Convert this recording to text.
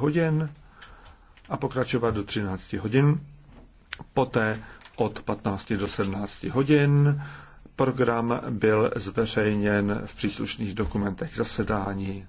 hodin a pokračovat do 13 hodin. Poté od 15 do 17 hodin. Program byl zveřejněn v příslušných dokumentech zasedání.